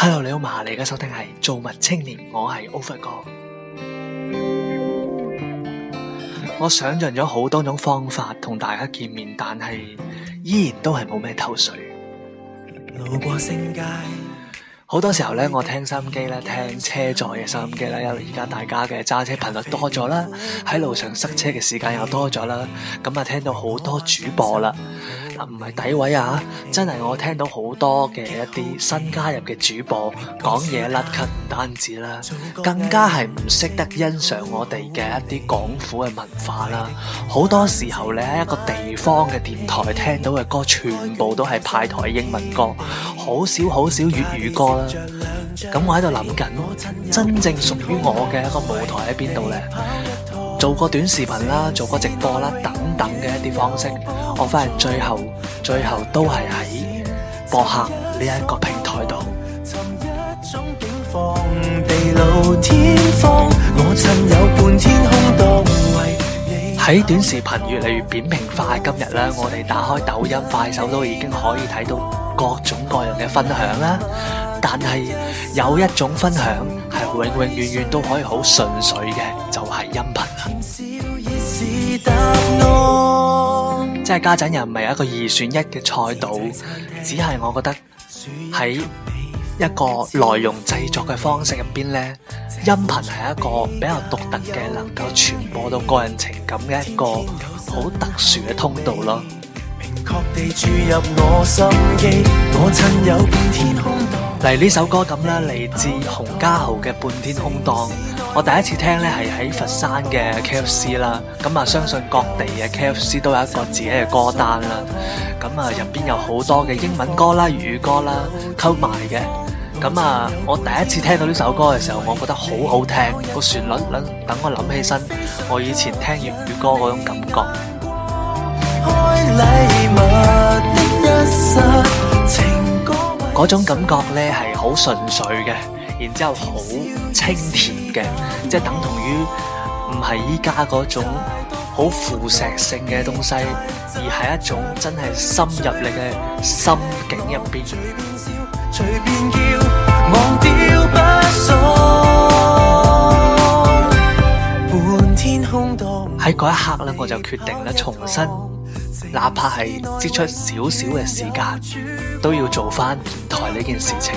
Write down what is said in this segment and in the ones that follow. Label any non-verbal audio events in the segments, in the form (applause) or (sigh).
Hello，你好嘛？你嘅收聽係造物青年，我係 Over 哥。 (music) 我想盡咗好多種方法同大家見面，但係依然都係冇咩頭水。路過星街，好 (music) 多時候咧，我聽收音機咧，聽車載嘅收音機啦，因為有而家大家嘅揸車頻率多咗啦，喺路上塞車嘅時間又多咗啦，咁啊聽到好多主播啦。唔係詆毀啊！真係我聽到好多嘅一啲新加入嘅主播講嘢甩咳，唔單止啦，更加係唔識得欣賞我哋嘅一啲廣府嘅文化啦。好多時候你喺一個地方嘅電台聽到嘅歌，全部都係派台英文歌，好少好少粵語歌啦。咁我喺度諗緊，真正屬於我嘅一個舞台喺邊度呢？做個短視頻啦，做個直播啦，等等嘅一啲方式，我發現最後最後都係喺博客呢一個平台度。喺短視頻越嚟越扁平化，今日咧，我哋打開抖音、快手都已經可以睇到各種各樣嘅分享啦。但係有一種分享係永永遠遠都可以好純粹嘅，就係音頻啦。即係家陣又唔係一個二選一嘅賽道，只係我覺得喺一個內容製作嘅方式入邊呢，音頻係一個比較獨特嘅，能夠傳播到個人情感嘅一個好特殊嘅通道咯。嚟呢首歌咁啦，嚟自洪嘉豪嘅《半天空檔》，我第一次聽呢係喺佛山嘅 K F C 啦，咁啊相信各地嘅 K F C 都有一個自己嘅歌單啦，咁啊入邊有好多嘅英文歌啦、粵語歌啦，溝埋嘅，咁啊我第一次聽到呢首歌嘅時候，我覺得好好聽，個旋律等我諗起身，我以前聽粵語歌嗰種感覺。嗰種感覺咧係好純粹嘅，然之後好清甜嘅，即係等同於唔係依家嗰種好腐蝕性嘅東西，而係一種真係深入你嘅心境入邊。喺嗰一刻咧，我就決定咗重新。哪怕係擠出少少嘅時間，都要做翻電台呢件事情，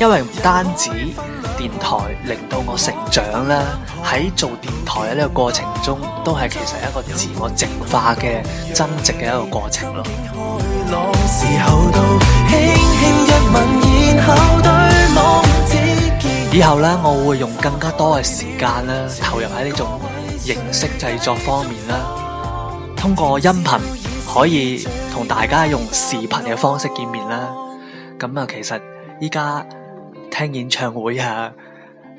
因為唔單止電台令到我成長啦，喺做電台呢個過程中，都係其實一個自我淨化嘅增值嘅一個過程咯。以後呢，我會用更加多嘅時間啦，投入喺呢種形式製作方面啦，通過音頻，可以同大家用視頻嘅方式見面啦，咁、嗯、啊其實依家聽演唱會啊，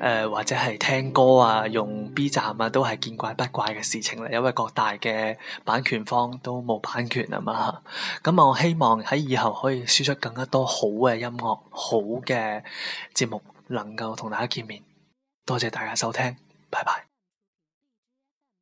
誒、呃、或者係聽歌啊，用 B 站啊都係見怪不怪嘅事情啦，因為各大嘅版權方都冇版權啊嘛，咁、嗯、啊我希望喺以後可以輸出更加多好嘅音樂，好嘅節目，能夠同大家見面。多謝大家收聽，拜拜。